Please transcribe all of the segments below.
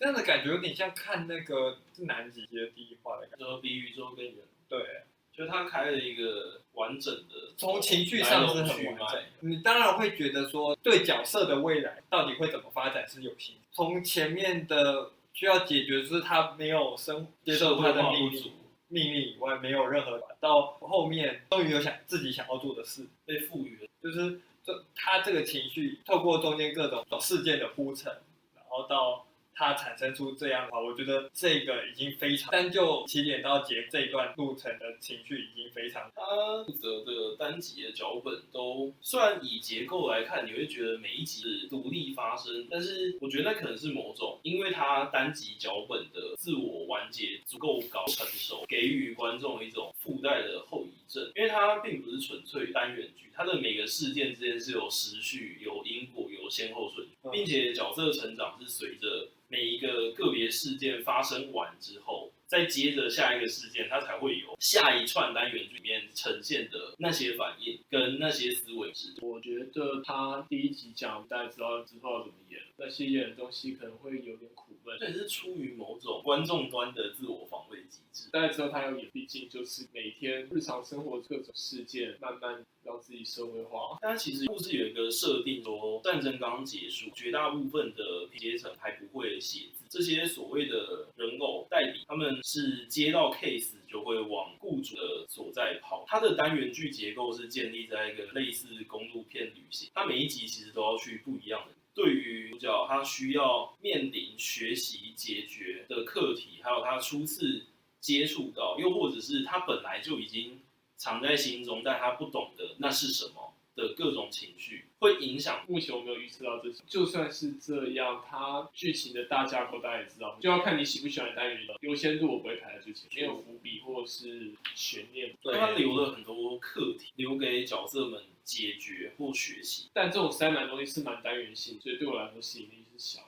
這樣的感覺有點像看那個南極的第一話的感覺，就是比宇宙更遠。對，就是他開了一個完整的，從情緒上是很完整。你當然會覺得說，對角色的未來到底會怎麼發展是有心。從前面的需要解決，就是他沒有生接受他的命。密，不不秘密以外沒有任何，到後面終於有想自己想要做的事被賦予了、就是。就是這他這個情緒透過中間各種事件的鋪陳，然後到。它產生出這樣的話，我覺得這個已經非常。但就起點到結這一段路程的情緒已經非常。它負責的單集的腳本都，雖然以結構來看，你會覺得每一集是獨立發生，但是我覺得那可能是某種，因為它單集腳本的自我完結足夠高成熟，給予觀眾一種附帶的後遺。因為它並不是純粹單元劇，它的每個事件之間是有時序、有因果、有先後順序，並且角色成長是隨着每一個個別事件發生完之後，再接着下一個事件，它才會有下一串單元劇裡面呈現的那些反應跟那些思維值。我覺得他第一集講大家知道之後怎麼演，那些演的東西可能會有點苦悶，這也是出於某種觀眾端的自我防。大家知道他要演，畢竟就是每天日常生活各種事件，慢慢讓自己社會化。但其實故事有一個設定說哦，戰爭剛結束，絕大部分的階層還不會寫字。這些所謂的人偶代理，他們是接到 case 就會往雇主的所在跑。它的單元劇結構是建立在一個類似公路片旅行，它每一集其實都要去不一樣的。對於主角，他需要面臨學習解決的課題，還有他初次。接觸到，又或者是他本來就已經藏在心中，但他不懂得那是什麼的各種情緒，會影響。目前我沒有預測到這些。就算是這樣，他劇情的大架構大家也知道，就要看你喜不喜歡單元的優先度，我不會排在最前，沒有伏筆或是懸念，對他留了很多課題留給角色們解決或學習。但這種塞滿東西是蠻單元性，所以對我來說吸引力是小。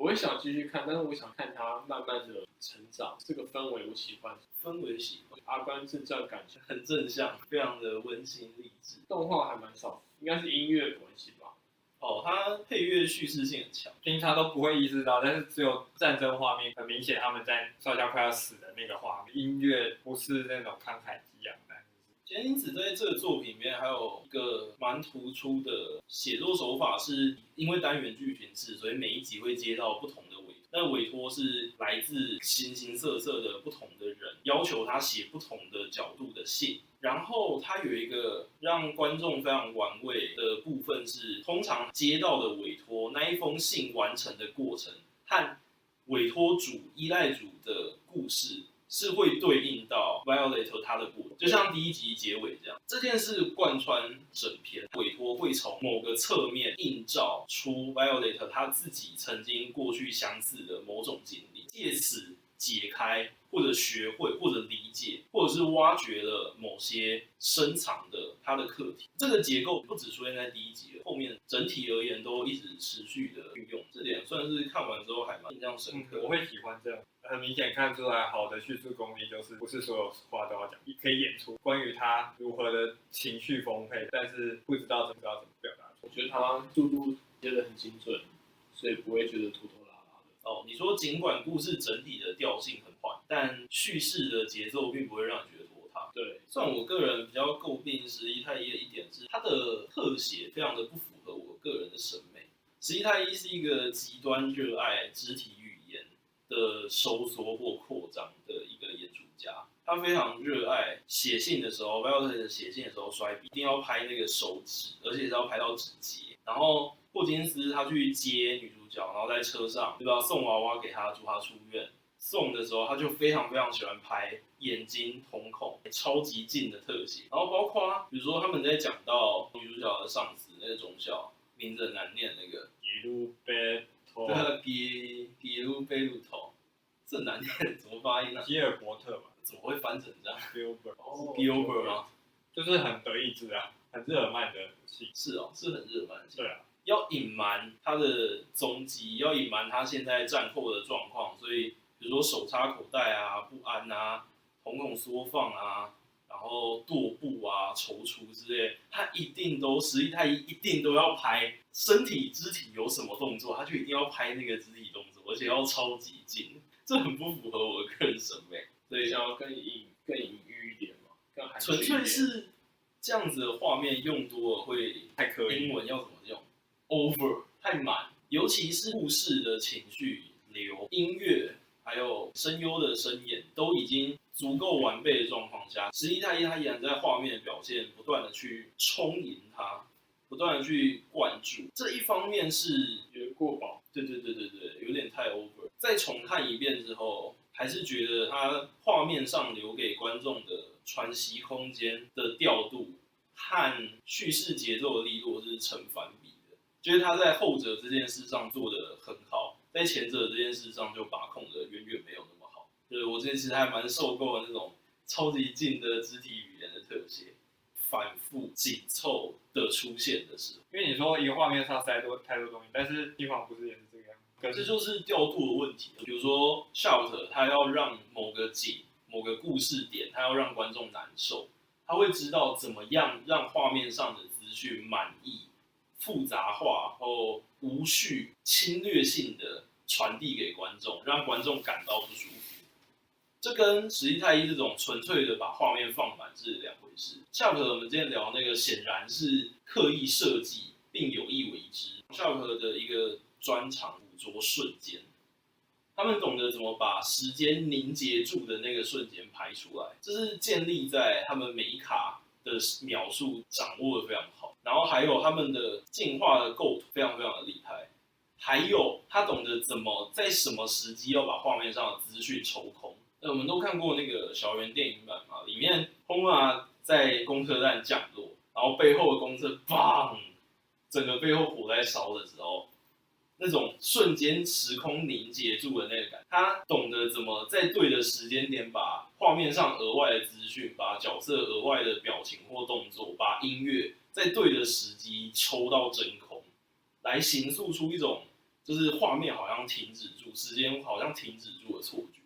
我也想繼續看，但是我想看它慢慢的成長，這個氛圍我喜歡，氛圍喜歡。阿甘正傳感覺很正向，非常的溫馨勵志。動畫還蠻少，應該是音樂關係吧。哦，它配樂敘事性很強，平常都不會意識到，但是只有戰爭畫面很明顯，他們在快要快要死的那個畫面，音樂不是那種慷慨激昂。錢瑛子在這個作品裡面還有一個蠻突出的寫作手法，是因為單元劇群制，所以每一集會接到不同的委託，那委托是來自形形色色的不同的人，要求他寫不同的角度的信。然後他有一個讓觀眾非常玩味的部分是，通常接到的委托那一封信完成的過程，和委托主依賴主的故事，是會對應到 Violet 她的故事，就像第一集結尾這樣。這件事貫穿整篇，委託會從某個側面映照出 Violet 他自己曾經過去相似的某種經歷，借此解開或者學會或者理解或者是挖掘了某些深藏的他的課題。這個結構不只出現在第一集，後面整體而言都一直持續的運用。這點算是看完之後還蠻印象深刻，嗯，我會喜歡這樣。很明顯看出來，好的敘述功力就是不是所有話都要講，可以演出關於他如何的情緒豐沛，但是不知道，不知道怎麼表達。我覺得他嘟嘟覺得很精準，所以不會覺得拖拖拉拉的。哦，你說儘管故事整體的調性很緩，但敘事的節奏並不會讓你覺得拖沓。對，雖然我個人比較詬病石立太一的一點是他的特寫非常的不符合我個人的審美。石立太一是一個極端熱愛肢體。的收縮或擴張的一個演出家。他非常熱愛寫信的時候，薇爾莉特寫信的時候摔筆，一定要拍那個手指，而且是要拍到指節。然後霍金斯他去接女主角，然後在車上對吧，送娃娃給她，祝她出院。送的時候他就非常非常喜歡拍眼睛瞳孔超級近的特寫，然後包括比如說他們在講到女主角的上司那個中校，名字很難念那個。吉爾伯特嘛，怎麼會翻成這樣？哦，Gilbert？Gilbert 嗎？就是很德意志啊，很日耳曼的戲。是哦，是很日耳曼。對啊，要隱瞞他的蹤跡，要隱瞞他現在戰後的狀況，所以比如說手插口袋啊，不安啊，瞳孔縮放啊，然後踱步啊，躊躇之類，他一定都，實他一定都要拍身體肢體有什麼動作，他就一定要拍那個肢體動作，而且要超級近。嗯這很不符合我的個人審美，欸，對所以想要更隱、更隱喻一點嘛，更含蓄一點。純粹是這樣子的畫面用多了會太刻意。英文要怎麼用？Over 太滿，尤其是故事的情緒流，音樂還有聲優的聲演都已經足夠完備的狀況下，石立太一他依然在畫面的表現不斷的去充盈它，不斷的去灌注。這一方面是有點過飽。對對對對對，有點太 over。再重看一遍之後，還是覺得它畫面上留給觀眾的喘息空間的調度和敘事節奏的力度是成反比的。就是他在後者這件事上做得很好，在前者這件事上就把控的遠遠沒有那麼好。就是我最近其實還蠻受夠那種超級近的肢體語言的特寫。反覆緊湊的出現的是，因為你說一個畫面上塞多太多東西，但是地方不是也是這個樣，可是、嗯、就是調度的問題。比如說，shot，u 他要讓某個景、某個故事點，他要讓觀眾難受，他會知道怎麼樣讓畫面上的資訊滿意、複雜化或無序、侵略性的傳遞給觀眾，讓觀眾感到不舒服。這跟石立太一這種純粹的把畫面放滿是兩回事。肖克，我們今天聊那個顯然是刻意設計並有意為之。肖克的一個專長捕捉瞬間，他們懂得怎麼把時間凝結住的那個瞬間拍出來，這是建立在他們每一卡的秒數掌握的非常好，然後還有他們的進化的構圖非常非常的厲害，還有他懂得怎麼在什麼時機要把畫面上的資訊抽空。嗯、我們都看過那個《小圓》電影版嘛，裡面轟啊在公車站降落，然後背後的公車砰，整個背後火在燒的時候，那種瞬間時空凝結住的那個感，他懂得怎麼在對的時間點把畫面上額外的資訊、把角色額外的表情或動作、把音樂在對的時機抽到真空，來形塑出一種就是畫面好像停止住、時間好像停止住的錯覺。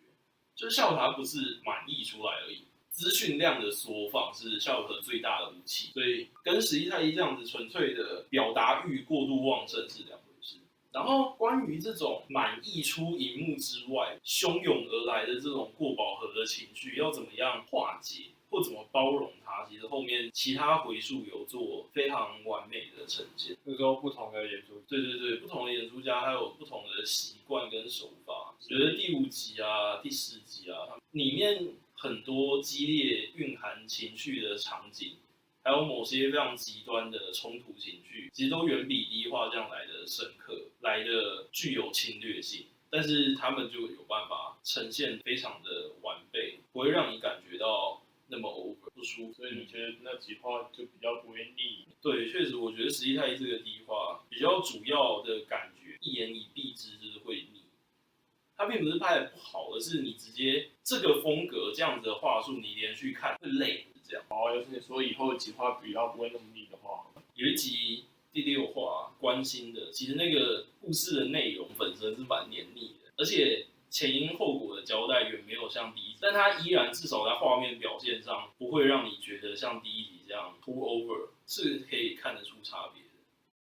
就是笑它不是滿溢出來而已，資訊量的縮放是笑和最大的武器，所以跟石立太一這樣子純粹的表達欲過度旺盛是兩回事。然後關於這種滿溢出熒幕之外洶湧而來的這種過飽和的情緒，要怎麼樣化解或怎麼包容它？其實後面其他回數有做非常完美的呈現。這都不同的演出，對對對，不同的演出家他有不同的習慣跟手段。覺得第五集啊、第十集啊，裡面很多激烈、蘊含情緒的場景，還有某些非常極端的衝突情緒，其實都遠比第一話，這樣來的深刻、來的具有侵略性。但是他們就有辦法呈現非常的完備，不會讓你感覺到那麼 over 不舒服。所以你覺得那幾話就比較不願意？對，確實，我覺得實際上，這個第一話比較主要的感覺，一言以蔽之。他並不是拍得不好，而是你直接這個風格這樣子的話術，你連續看會累，是這樣。哦，就是說以後幾話比較不會那麼膩的話，有一集第六話、啊、關心的，其實那個故事的內容本身是蠻黏膩的，而且前因後果的交代遠沒有像第一，但它依然至少在畫面表現上不會讓你覺得像第一集這樣突兀。嗯。